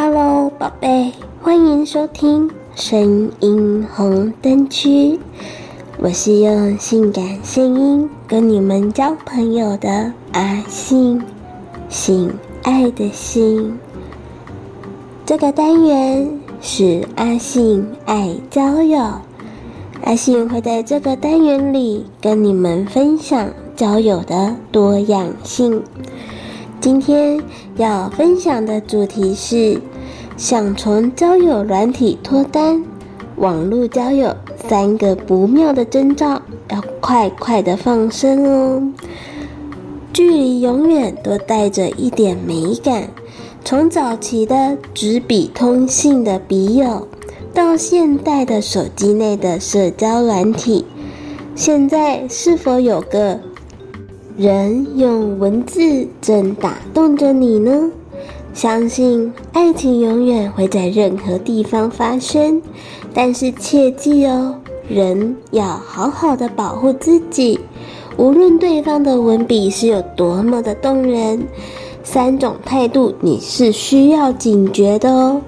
Hello，寶貝，歡迎收聽聲音紅燈區。我是用性感聲音跟你們交朋友的阿性，性愛的性。這個單元是阿性愛交友，阿性會在這個單元裡跟你們分享交友的多樣性。今天要分享的主題是：想從交友軟體脫單，網絡交友三個不妙的徵兆，要快快的放生哦。距離永遠都帶着一點美感，從早期的紙筆通信的筆友，到現代的手機內的社交軟體，現在是否有個？人用文字正打動着你呢？相信愛情永遠會在任何地方發生，但是切記哦，人要好好的保護自己。無論對方的文筆是有多麼的動人，三種態度你是需要警覺的哦。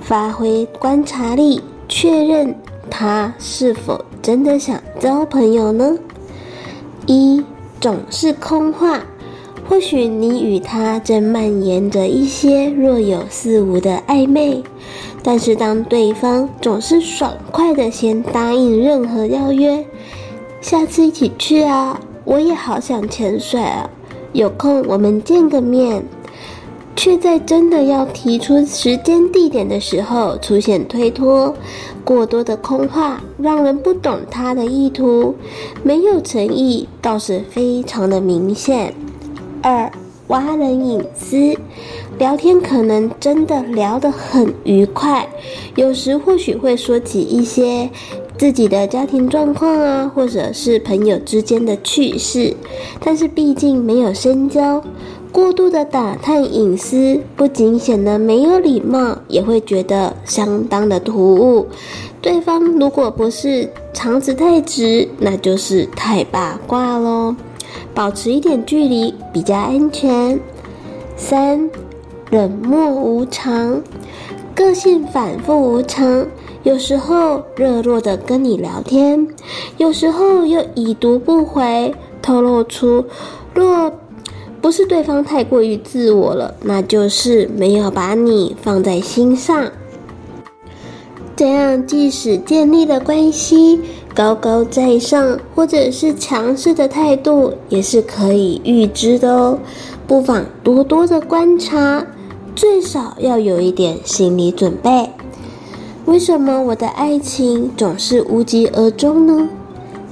發揮觀察力，確認他是否真的想交朋友呢？一。總是空話，或許你與他正蔓延着一些若有似無的曖昧，但是當對方總是爽快的先答應任何邀約，下次一起去啊，我也好想潛水啊，有空我們見個面。卻在真的要提出時間地點的時候出現推脫，過多的空話讓人不懂他的意圖，沒有誠意倒是非常的明顯。二、挖人隱私，聊天可能真的聊得很愉快，有時或許會說起一些自己的家庭狀況啊，或者是朋友之間的趣事，但是畢竟沒有深交。過度的打探隱私，不僅顯得沒有禮貌，也會覺得相當的突兀。對方如果不是腸子太直，那就是太八卦嘍。保持一點距離比較安全。三，冷漠無常，個性反復無常，有時候熱絡的跟你聊天，有時候又已讀不回，透露出若不是對方太過於自我了，那就是沒有把你放在心上。這樣即使建立了關係，高高在上，或者是強勢的態度，也是可以預知的哦。不妨多多的觀察，最少要有一點心理準備。為什麼我的愛情總是無疾而終呢？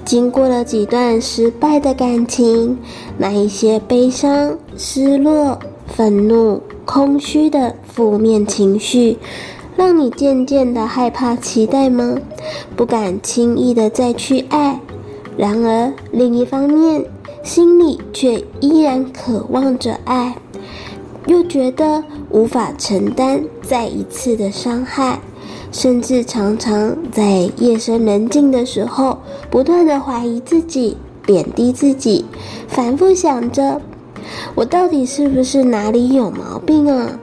經過了幾段失敗的感情，那一些悲傷、失落、憤怒、空虛的負面情緒，讓你漸漸的害怕期待嗎？不敢輕易的再去愛。然而，另一方面，心裡卻依然渴望着愛，又覺得無法承擔再一次的傷害。甚至常常在夜深人靜的時候，不斷的懷疑自己、貶低自己，反覆想着：我到底是不是哪裡有毛病啊？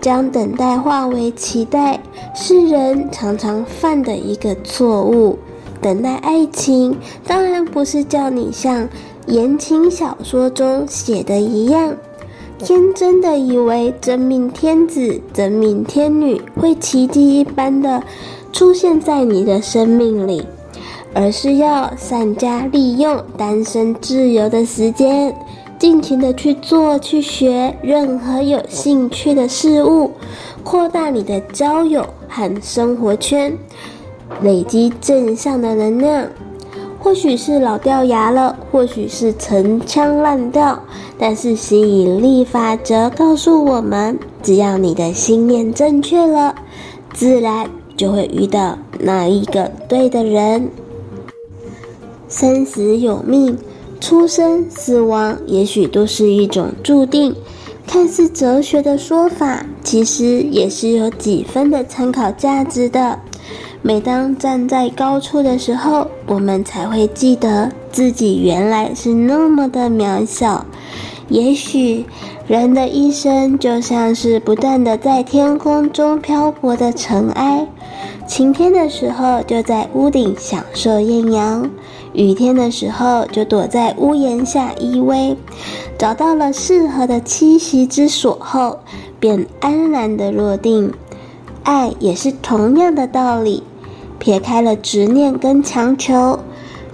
將等待化為期待，是人常常犯的一個錯誤。等待愛情，當然不是叫你像言情小說中寫的一樣。天真的以為真命天子、真命天女會奇蹟一般的出現在你的生命裡，而是要善加利用單身自由的時間，盡情的去做、去學任何有興趣的事物，擴大你的交友和生活圈，累積正向的能量。或許是老掉牙了，或許是陳腔濫調，但是吸引力法則告訴我們，只要你的心念正確了，自然就會遇到那一個對的人。生死有命，出生死亡也許都是一種注定。看似哲學的說法，其實也是有幾分的參考價值的。每當站在高處的時候，我們才會記得自己原來是那麼的渺小。也許人的一生就像是不斷的在天空中漂泊的塵埃，晴天的時候就在屋頂享受豔陽，雨天的時候就躲在屋檐下依偎。找到了適合的棲息之所後，便安然的落定。愛也是同樣的道理。撇開了執念跟強求，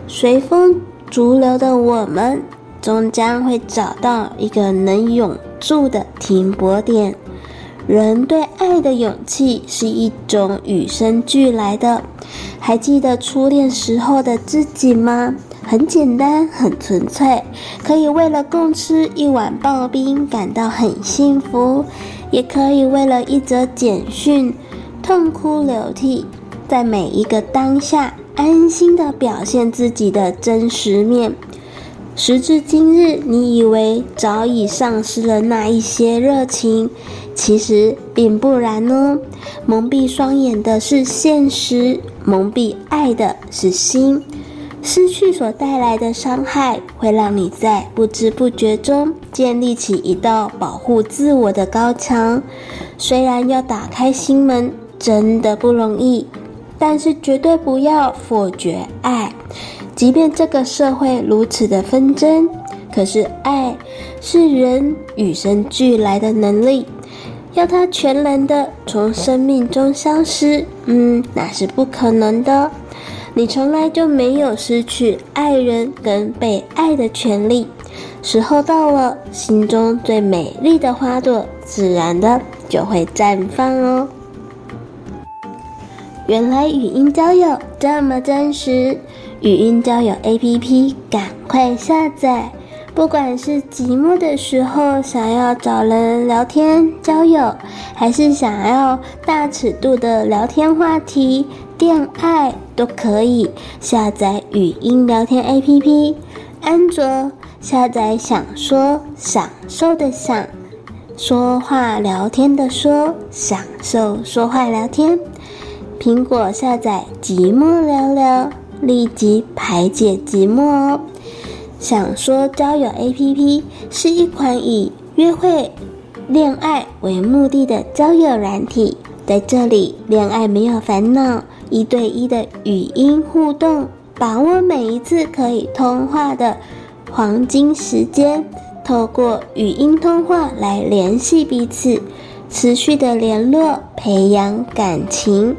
隨風逐流的我們，終將會找到一個能永駐的停泊點。人對愛的勇氣是一種與生俱來的。還記得初戀時候的自己嗎？很簡單，很純粹，可以為了共吃一碗刨冰感到很幸福，也可以為了一則簡訊痛哭流涕。在每一個當下，安心地表現自己的真實面。時至今日，你以為早已喪失了那一些熱情，其實並不然哦。蒙蔽雙眼的是現實，蒙蔽愛的是心。失去所帶來的傷害，會讓你在不知不覺中建立起一道保護自我的高牆。雖然要打開心門，真的不容易。但是絕對不要否決愛，即便這個社會如此的紛爭，可是愛是人與生俱來的能力，要它全然的從生命中消失，嗯，那是不可能的。你從來就沒有失去愛人跟被愛的權利，時候到了，心中最美麗的花朵自然的就會綻放哦。原來語音交友這麼真實！語音交友 APP 趕快下載。不管是寂寞的時候想要找人聊天交友，還是想要大尺度的聊天話題、戀愛，都可以下載語音聊天 APP。安卓下載，享說享受的享，說話聊天的說，享受說話聊天。蘋果下載《寂寞聊聊》，立即排解寂寞哦！享說交友 APP 是一款以約會、戀愛為目的的交友軟體，在這裡戀愛沒有煩惱，一對一的語音互動，把握每一次可以通話的黃金時間，透過語音通話來聯繫彼此，持續的聯絡，培養感情。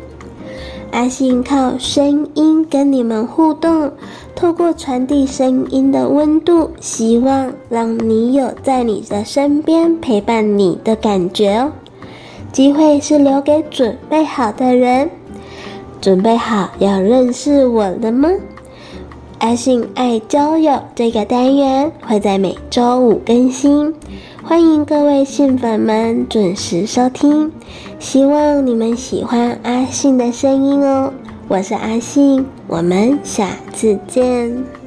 阿性靠聲音跟你們互動，透過傳遞聲音的溫度，希望讓你有在你的身邊陪伴你的感覺哦。機會是留給準備好的人，準備好要認識我的嗎？阿性愛交友這個單元會在每週五更新，歡迎各位性粉們準時收聽。希望你們喜歡阿性的聲音哦！我是阿性，我們下次見。